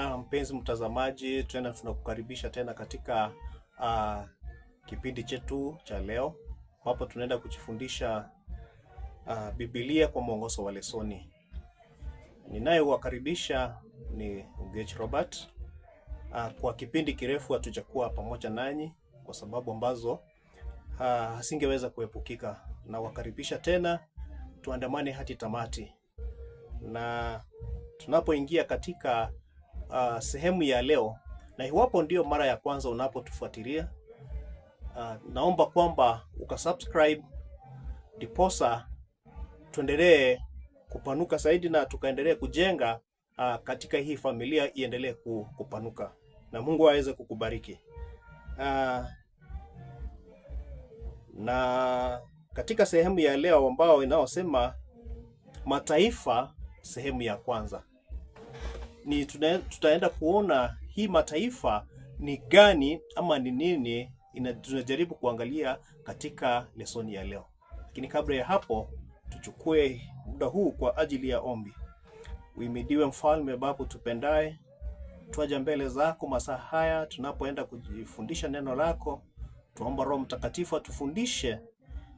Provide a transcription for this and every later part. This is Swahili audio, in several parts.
Ah, mpenzi mtazamaji, tena tunakukaribisha tena katika uh, kipindi chetu cha leo ambapo tunaenda kujifundisha uh, Biblia kwa mwongozo wa lesoni. Ninayewakaribisha ni Ugech Robert. Uh, kwa kipindi kirefu hatujakuwa pamoja nanyi kwa sababu ambazo hasingeweza uh, kuepukika, na wakaribisha tena tuandamane hati tamati na tunapoingia katika uh, sehemu ya leo, na iwapo ndio mara ya kwanza unapotufuatilia uh, naomba kwamba ukasubscribe diposa tuendelee kupanuka zaidi na tukaendelee kujenga uh, katika hii familia iendelee kupanuka na Mungu aweze kukubariki uh, na katika sehemu ya leo ambao inaosema mataifa sehemu ya kwanza ni tutaenda kuona hii mataifa ni gani ama ni nini ina, tunajaribu kuangalia katika lesoni ya leo. Lakini kabla ya hapo, tuchukue muda huu kwa ajili ya ombi. Uimidiwe mfalme babu tupendaye, twaja mbele zako masaa haya tunapoenda kujifundisha neno lako. Tuomba Roho Mtakatifu atufundishe,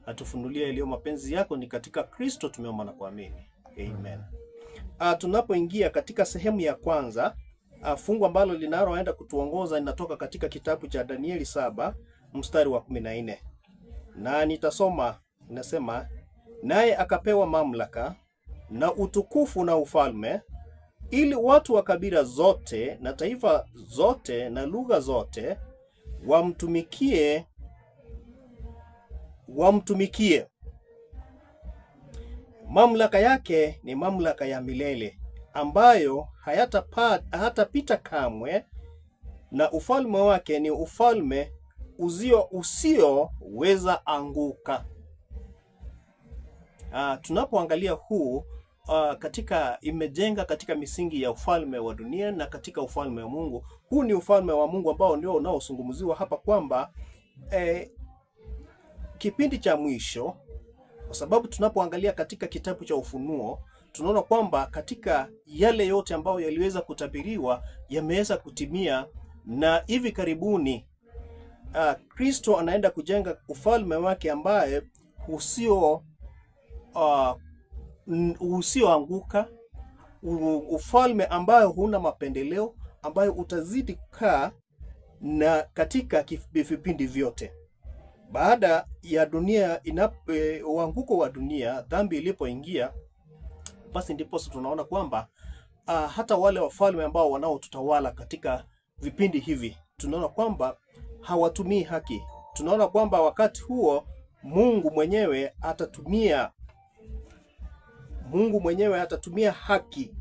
atufunulie yaliyo mapenzi yako, ni katika Kristo tumeomba na kuamini, amen uh, tunapoingia katika sehemu ya kwanza uh, fungu ambalo linaloenda kutuongoza linatoka katika kitabu cha Danieli saba mstari wa kumi na nne na nitasoma inasema, naye akapewa mamlaka na utukufu na ufalme, ili watu wa kabila zote na taifa zote na lugha zote wamtumikie wamtumikie Mamlaka yake ni mamlaka ya milele ambayo hayatapita kamwe, na ufalme wake ni ufalme uzio usioweza anguka. Uh, tunapoangalia huu uh, katika imejenga katika misingi ya ufalme wa dunia na katika ufalme wa Mungu. Huu ni ufalme wa Mungu ambao ndio unaozungumziwa hapa kwamba eh, kipindi cha mwisho kwa sababu tunapoangalia katika kitabu cha Ufunuo tunaona kwamba katika yale yote ambayo yaliweza kutabiriwa yameweza kutimia, na hivi karibuni ah, Kristo anaenda kujenga ufalme wake ambaye usio uh, usioanguka, ufalme ambayo huna mapendeleo, ambayo utazidi kukaa na katika vipindi vyote baada ya dunia inapo e, uanguko wa dunia, dhambi ilipoingia, basi ndipo tunaona kwamba uh, hata wale wafalme ambao wanaotutawala katika vipindi hivi tunaona kwamba hawatumii haki. Tunaona kwamba wakati huo Mungu mwenyewe atatumia Mungu mwenyewe atatumia haki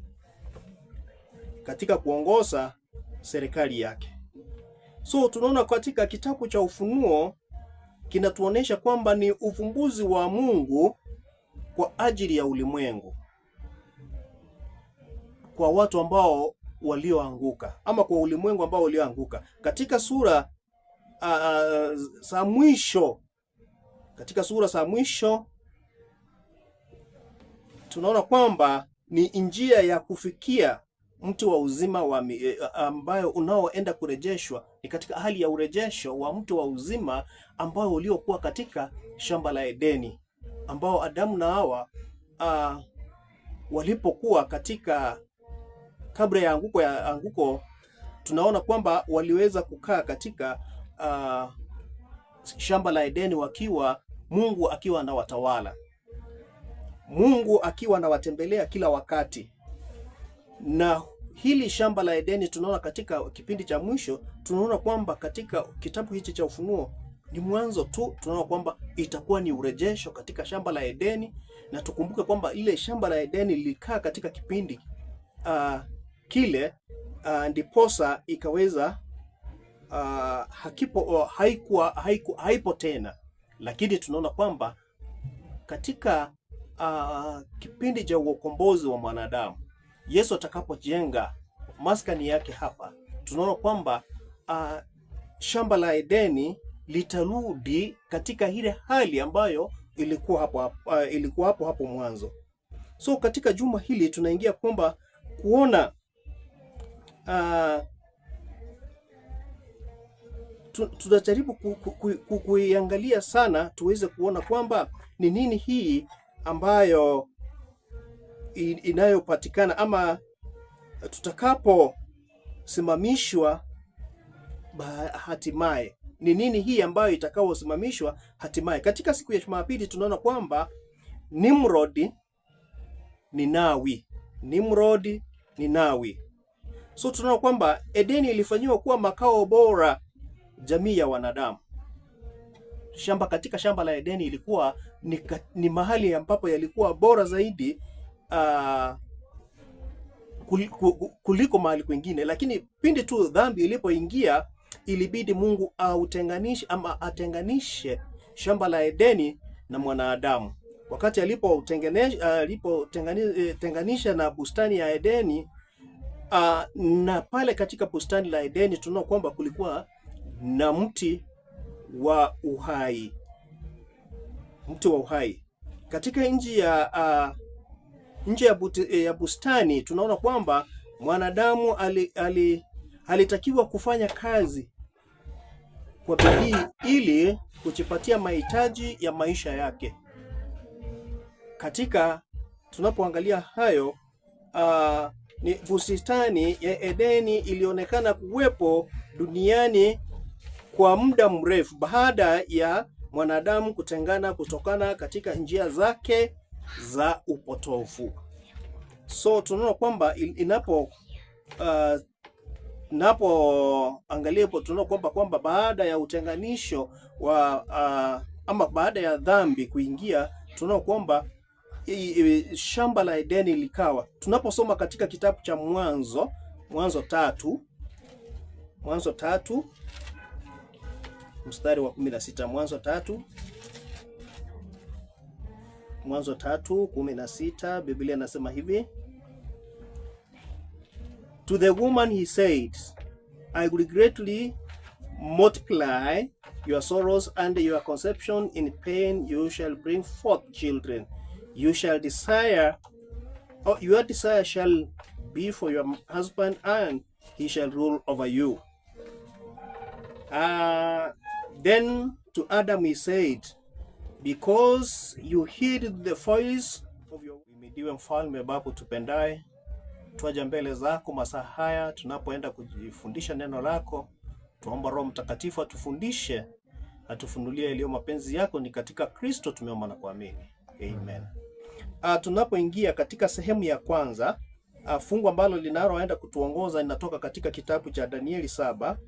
katika kuongoza serikali yake. So tunaona katika kitabu cha Ufunuo kinatuonesha kwamba ni ufumbuzi wa Mungu kwa ajili ya ulimwengu, kwa watu ambao walioanguka ama kwa ulimwengu ambao walioanguka. Katika sura za mwisho, katika sura za mwisho tunaona kwamba ni njia ya kufikia mti wa uzima wa eh, ambayo unaoenda kurejeshwa ni katika hali ya urejesho wa mti wa uzima ambao uliokuwa katika shamba la Edeni, ambao Adamu na Hawa uh, walipokuwa katika kabla ya anguko ya anguko, tunaona kwamba waliweza kukaa katika uh, shamba la Edeni wakiwa Mungu akiwa anawatawala, Mungu akiwa anawatembelea kila wakati na hili shamba la Edeni tunaona katika kipindi cha mwisho, tunaona kwamba katika kitabu hichi cha Ufunuo ni mwanzo tu, tunaona kwamba itakuwa ni urejesho katika shamba la Edeni, na tukumbuke kwamba ile shamba la Edeni lilikaa katika kipindi uh, kile uh, ndiposa ikaweza uh, hakipo uh, haikuwa haiku, haipo tena, lakini tunaona kwamba katika uh, kipindi cha ukombozi wa mwanadamu Yesu atakapojenga maskani yake hapa, tunaona kwamba uh, shamba la Edeni litarudi katika ile hali ambayo ilikuwa hapo hapo, uh, ah, ilikuwa hapo hapo mwanzo. So katika juma hili tunaingia kwamba kuona uh, ah, tutajaribu kuiangalia sana tuweze kuona kwamba ni nini hii ambayo inayopatikana ama tutakaposimamishwa hatimaye ni nini hii ambayo itakaosimamishwa hatimaye. Katika siku ya Jumapili tunaona kwamba Nimrod ni Nawi, Nimrod ni Nawi. So tunaona kwamba Edeni ilifanyiwa kuwa makao bora jamii ya wanadamu. Shamba katika shamba la Edeni ilikuwa ni, ni mahali ambapo yalikuwa bora zaidi uh, kuliko mahali kwingine, lakini pindi tu dhambi ilipoingia ilibidi Mungu autenganishe ama atenganishe shamba la Edeni na mwanadamu. Wakati alipotenganisha uh, eh, alipotenganisha na bustani ya Edeni uh, na pale katika bustani la Edeni tunaona kwamba kulikuwa na mti wa uhai, mti wa uhai katika nchi ya uh, nje ya, buti, eh, ya bustani tunaona kwamba mwanadamu ali, ali, alitakiwa kufanya kazi kwa bidii ili kujipatia mahitaji ya maisha yake. Katika tunapoangalia hayo uh, ni bustani ya Edeni ilionekana kuwepo duniani kwa muda mrefu baada ya mwanadamu kutengana kutokana katika njia zake za upotofu So tunaona kwamba inapo uh, angalia hapo tunaona kwamba kwamba baada ya utenganisho wa uh, ama baada ya dhambi kuingia, tunaona kwamba shamba la Edeni likawa. Tunaposoma katika kitabu cha Mwanzo, Mwanzo tatu, Mwanzo tatu mstari wa 16, Mwanzo tatu Mwanzo tatu kumi na sita Biblia inasema hivi, to the woman he said, I will greatly multiply your sorrows and your conception in pain you shall bring forth children you shall desire or oh, your desire shall be for your husband and he shall rule over you. Uh, then to Adam he said because you hid the voice of your... Imidiwe mfalme babu tupendaye, twaja mbele zako masaa haya tunapoenda kujifundisha neno lako. Tuomba Roho Mtakatifu atufundishe, atufunulie yaliyo mapenzi yako, ni katika Kristo tumeomba na kuamini amen. Ah, tunapoingia katika sehemu ya kwanza, ah, fungu ambalo linaloenda kutuongoza linatoka katika kitabu cha Danieli saba